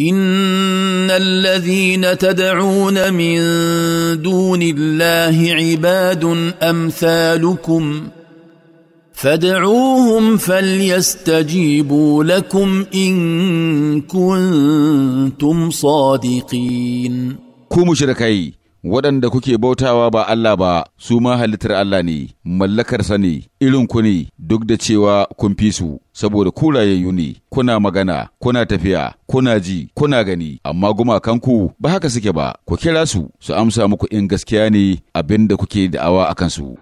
ان الذين تدعون من دون الله عباد امثالكم فادعوهم فليستجيبوا لكم ان كنتم صادقين كم شركي waɗanda kuke bautawa ba Allah ba su ma halittar Allah ne, mallakarsa ne, irin ku ne duk da cewa kun fi su, saboda kurayayyu ne, kuna magana, kuna tafiya, kuna ji, kuna gani, amma gumakanku ba haka suke ba, ku kira su, su amsa muku in gaskiya ne abin da kuke da'awa a kansu.